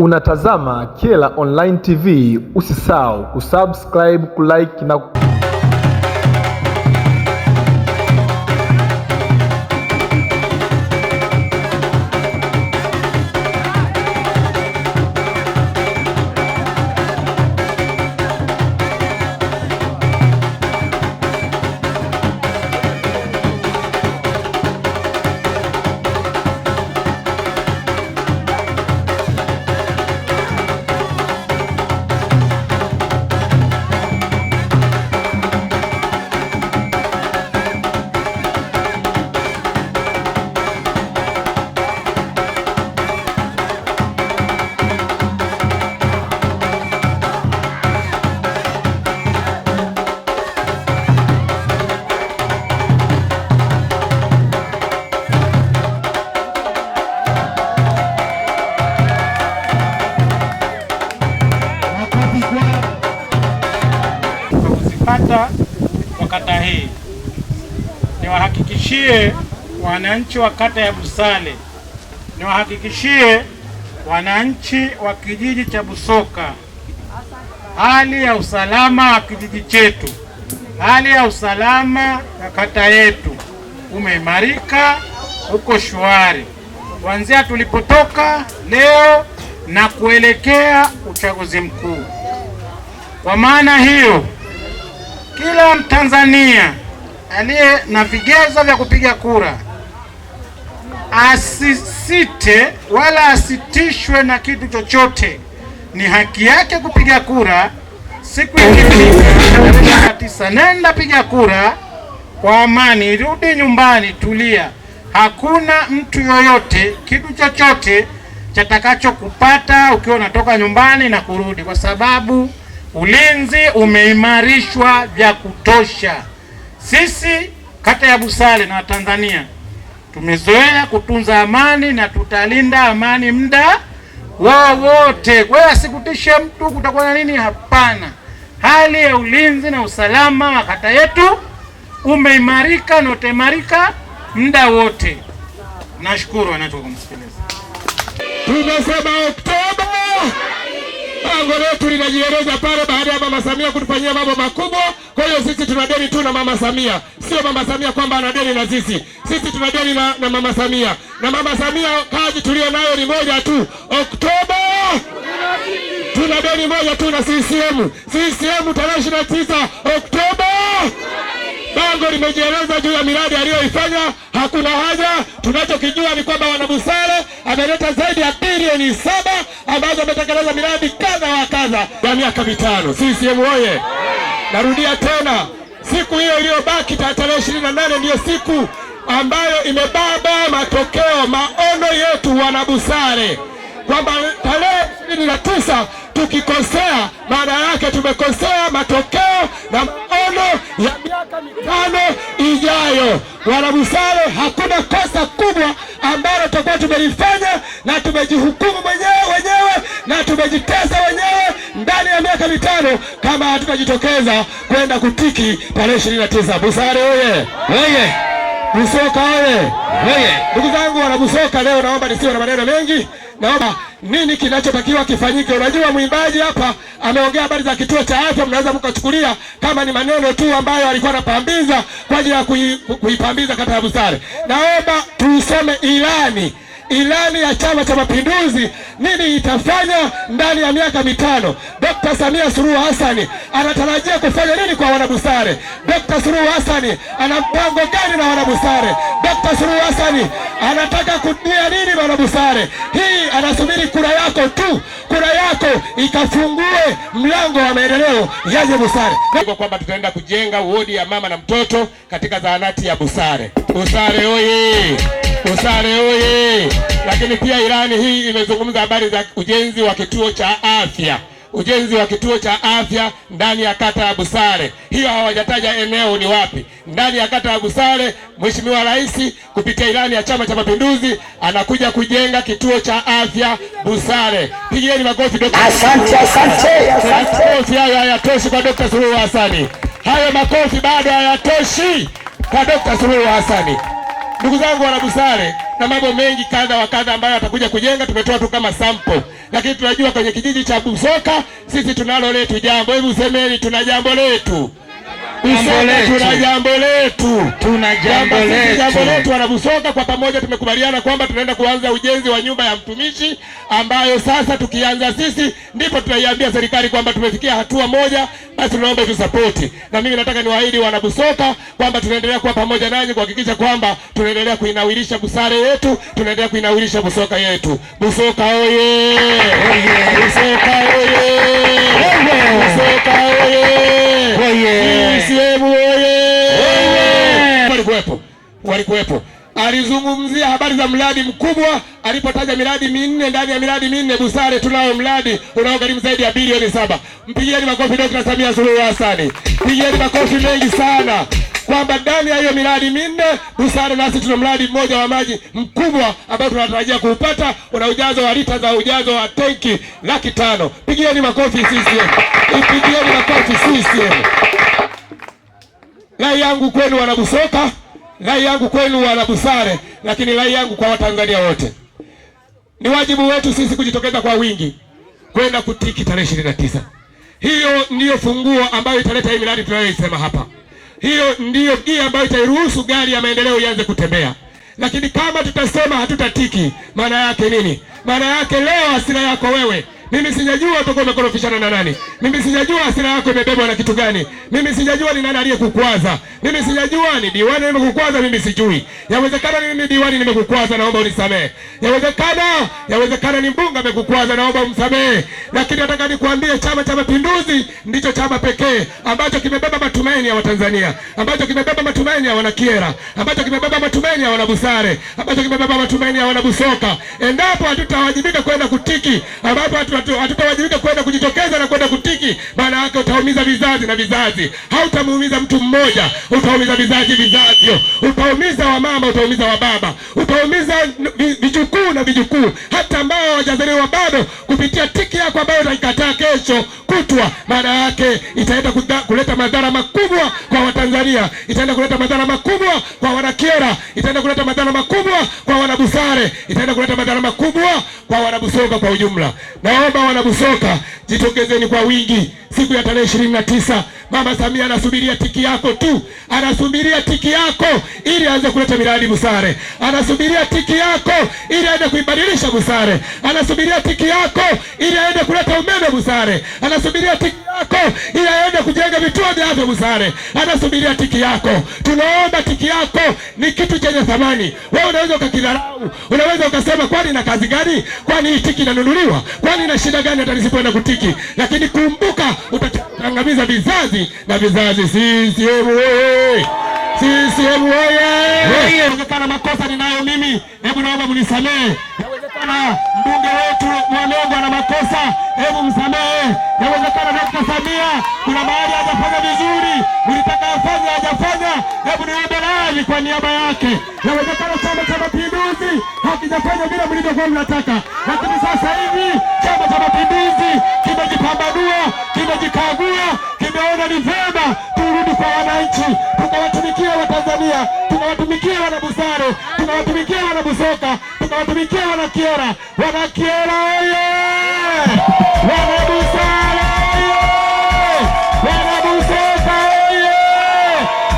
Unatazama Kyela Online TV, usisahau kusubscribe, kulike na kata wa kata hii. Niwahakikishie wananchi wa kata ya Busale, niwahakikishie wananchi wa kijiji cha Busoka, hali ya usalama wa kijiji chetu, hali ya usalama ya kata yetu umeimarika, uko shwari kuanzia tulipotoka leo na kuelekea uchaguzi mkuu. Kwa maana hiyo kila Mtanzania aliye na vigezo vya kupiga kura asisite wala asitishwe na kitu chochote. Ni haki yake kupiga kura siku ikifika tisa, nenda piga kura kwa amani, rudi nyumbani, tulia. Hakuna mtu yoyote kitu chochote chatakachokupata ukiwa unatoka nyumbani na kurudi, kwa sababu Ulinzi umeimarishwa vya kutosha. Sisi kata ya Busale na Watanzania tumezoea kutunza amani na tutalinda amani muda wowote. hiyo asikutishe mtu, kutakuwa na nini? Hapana, hali ya ulinzi na usalama wa kata yetu umeimarika na utaimarika muda wote. Nashukuru wanatu kumsikiliza. Tumesema Oktoba Pango letu linajieleza pale baada ya Mama Samia kutufanyia mambo makubwa. Kwa hiyo sisi tuna deni tu na Mama Samia, sio Mama Samia kwamba ana deni na sisi. Sisi tuna deni na, na Mama Samia na Mama Samia, kazi tulio nayo ni moja tu, Oktoba tuna deni moja tu na CCM. CCM tarehe 29 Oktoba bango limejieleza juu ya miradi aliyoifanya, hakuna haja. Tunachokijua ni kwamba wanabusare ameleta zaidi ya bilioni saba ambazo ametekeleza miradi kadha wa kadha ya miaka mitano. CCM oye! Narudia tena, siku hiyo iliyobaki tarehe ishirini na nane ndiyo siku ambayo imebaba matokeo maono yetu wanabusare kwamba tarehe ishirini na tisa tukikosea, maana yake tumekosea matokeo na maono ya miaka mitano ijayo. Wanabusale, hakuna kosa kubwa ambalo tutakuwa tumelifanya na tumejihukumu mwenyewe wenyewe na tumejitesa wenyewe ndani ya miaka mitano kama hatutajitokeza kwenda kutiki tarehe ishirini na tisa. Busale oye! Oye! Busoka oye! Oye! Ndugu zangu wanabusoka, leo naomba nisiwe na maneno mengi, naomba nini kinachotakiwa kifanyike. Unajua, mwimbaji hapa ameongea habari za kituo cha afya, mnaweza mkachukulia kama ni maneno tu ambayo alikuwa anapambiza kwa ajili ya kuipambiza kata ya Busare. Naomba tuisome ilani ilani ya Chama cha Mapinduzi nini itafanya ndani ya miaka mitano. Dkt. Samia Suluhu Hassan anatarajia kufanya nini kwa wanabusare? Dkt. Suluhu Hassan ana mpango gani na wanabusare? Dkt. Suluhu Hassan anataka kudia nini wanabusare? Hii anasubiri, kura yako tu, kura yako ikafungue mlango wa maendeleo yaje Busare, kwamba tutaenda kujenga wodi ya mama na mtoto katika zahanati ya Busare. Busare oye! Busare oye! Lakini pia ilani hii imezungumza habari za ujenzi wa kituo cha afya ujenzi wa kituo cha afya ndani ya kata ya Busare. Hiyo hawajataja eneo ni wapi ndani ya kata ya Gusale. Mheshimiwa Rais kupitia ilani ya Chama cha Mapinduzi anakuja kujenga kituo cha afya Gusale. Pigieni makofi Dr. Asante, asante, asante. Makofi hayo hayatoshi kwa Dr. Suluhu Hassan. Hayo makofi bado hayatoshi kwa Dr. Suluhu Hassan. Ndugu zangu wana Gusale, na mambo mengi kadha wa kadha ambayo atakuja kujenga, tumetoa tu kama sample, lakini tunajua kwenye kijiji cha Busoka sisi tunalo letu jambo. Hebu semeni, tuna jambo letu tuna jambo letu, tuna jambo letu, jambo letu. Wanabusoga, kwa pamoja tumekubaliana kwamba tunaenda kuanza ujenzi wa nyumba ya mtumishi ambayo sasa tukianza sisi ndipo tutaiambia serikali kwamba tumefikia hatua moja, basi tunaomba itusapoti. Na mimi nataka niwaahidi wanabusoka kwamba tunaendelea kuwa pamoja nanyi kuhakikisha kwamba tunaendelea kuinawilisha Busare yetu, tunaendelea kuinawilisha Busoka yetu. busoka oye! Busoka oye! Oye! oye! walikuwepo. Alizungumzia habari za mradi mkubwa alipotaja miradi minne. Ndani ya miradi minne Busare tunao mradi unaogharimu zaidi ya bilioni saba. Mpigieni makofi Dr. Samia Suluhu Hassan, pigieni makofi mengi sana kwamba ndani ya hiyo miradi minne Busare nasi tuna mradi mmoja wa maji mkubwa ambao tunatarajia kuupata, una ujazo wa lita za ujazo wa tenki laki tano. Pigieni makofi CCM, ipigieni makofi CCM. Rai yangu kwenu wanabusoka Rai yangu kwenu wana Busare, lakini rai yangu kwa Watanzania wote, ni wajibu wetu sisi kujitokeza kwa wingi kwenda kutiki tarehe ishirini na tisa. Hiyo ndiyo funguo ambayo italeta hii miradi tunayoisema hapa. Hiyo ndiyo gia ambayo itairuhusu gari ya maendeleo ianze kutembea. Lakini kama tutasema hatutatiki, maana yake nini? Maana yake leo hasira yako wewe mimi sijajua utakuwa umekorofishana na nani. Mimi sijajua hasira yako imebebwa na kitu gani. Mimi sijajua ni nani aliyekukwaza. Mimi sijajua ni diwani nimekukwaza, mimi sijui. Yawezekana ni mimi diwani nimekukwaza, naomba unisamehe. Yawezekana, yawezekana ni mbunge amekukwaza, naomba umsamehe. Lakini nataka nikuambie Chama cha Mapinduzi ndicho chama pekee ambacho kimebeba matumaini ya Watanzania, ambacho kimebeba matumaini ya wanakiera, ambacho kimebeba matumaini ya wanabusare, ambacho kimebeba matumaini ya wanabusoka. Endapo hatutawajibika kwenda kutiki, ambapo hatu hatutawajibika kwenda kujitokeza na kwenda kutiki, maana yake utaumiza vizazi na vizazi. Hautamuumiza mtu mmoja, utaumiza vizazi vizazi, Utaumiza wamama, utaumiza wababa, utaumiza vijukuu na vijukuu, hata ambao hawajazaliwa bado, kupitia tiki yako ambayo utaikataa kesho kutwa, maana yake itaenda kuleta madhara makubwa kwa Watanzania, itaenda kuleta madhara makubwa kwa wanakiera, itaenda kuleta madhara makubwa kwa wanabusare, itaenda kuleta madhara makubwa kwa wanabusoga kwa ujumla na Wanabusoka, jitokezeni kwa wingi siku ya tarehe ishirini na tisa. Mama Samia anasubiria tiki yako tu, anasubiria tiki yako ili aanze kuleta miradi Busare, anasubiria tiki yako ili aende kuibadilisha Busare, anasubiria tiki yako ili aende kuleta umeme Busare, anasubiria tiki yako ili aende kujenga vituo vya afya Busare, anasubiria tiki yako. Tunaomba tiki yako ni kitu chenye thamani. Wewe unaweza ukakidharau, unaweza ukasema kwani na kazi gani? Kwani hii tiki inanunuliwa? Kwani na shida gani hata nisipoenda kutiki? Lakini kumbuka utaangamiza vizazi na vizazi. CCM CCM oye! Inawezekana makosa ninayo mimi, hebu naomba mnisamehe. Yawezekana mbunge wetu Mwalongo ana makosa, hebu msamehe. Yawezekana Dkt. Samia kuna mahali hajafanya vizuri, ulitaka afanye, hajafanya, hebu niombe radhi kwa niaba yake. Yawezekana Chama cha Mapinduzi hakijafanya bila mlivyokuwa mnataka, lakini sasa hivi chama kimejikagua, kimeona ni vyema turudi kwa wananchi, tukawatumikia Watanzania, wana Wanabusare, tukawatumikia Wanabusoka, tukawatumikia Wanakiera. Wanakiera oye! Busara oye! Busoka oye!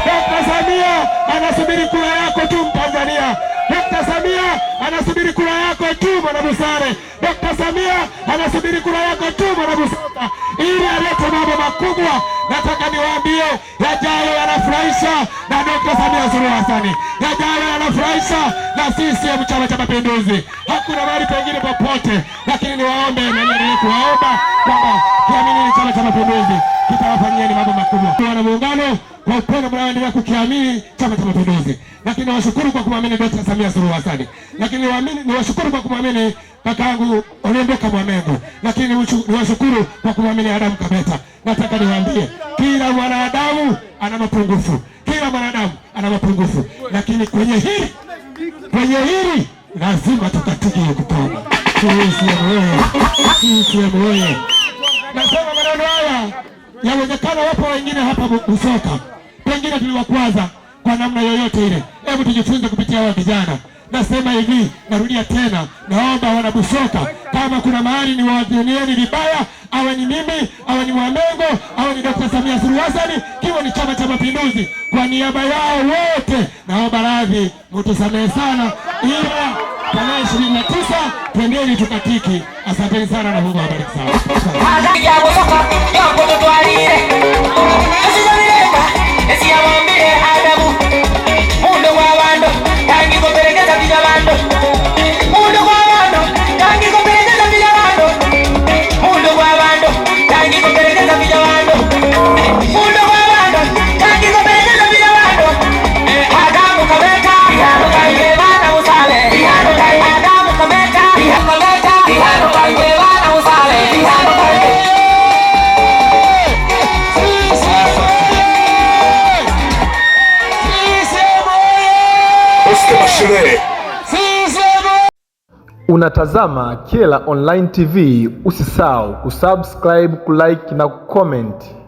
Dkt. Samia anasubiri kura yako tu Mtanzania. dokta Samia anasubiri kura yako tu Mwanabusare. Dkt. Samia anasubiri kura yako tu Busoka ili alete mambo makubwa. Nataka niwaambie yajayo yanafurahisha, na Dkt. Samia Suluhu Hassan, yajayo yanafurahisha na CCM, Chama cha Mapinduzi. Hakuna mahali pengine popote, lakini niwaombe, naendelee kuwaomba kwamba kiamini Chama cha Mapinduzi kitawafanyieni mambo makubwa. Wana Muungano kwa upendo mnaoendelea kukiamini Chama cha Mapinduzi, lakini niwashukuru kwa kumwamini Dkt. Samia Suluhu Hassan, lakini niwashukuru kwa kumwamini kakangu uliondoka Mwamengu, lakini niwashukuru kwa kumwamini Adamu Kabeta. Nataka niwaambie kila mwanadamu ana mapungufu, kila mwanadamu ana mapungufu, lakini kwenye hili kwenye hili lazima tukatigie kutoka. CCM oye! Nasema maneno haya, yawezekana wapo wengine hapa Busoka, pengine tuliwakwaza kwa namna yoyote ile. Hebu tujifunze kupitia hawa vijana nasema hivi, narudia tena, naomba wanabusoka, kama kuna mahali wadhinieni vibaya, awe ni mimi, awe ni Mwamengo, awe ni Dkt. Samia Suluhu Hassan, kiwe ni Chama cha Mapinduzi, kwa niaba yao wote naomba radhi, mutusamehe sana, ila tarehe ishirini na tisa twendeni tukatiki. Asanteni sana na Mungu awabariki sana. Unatazama Kyela Online TV, usisahau kusubscribe, kulike na kucomment.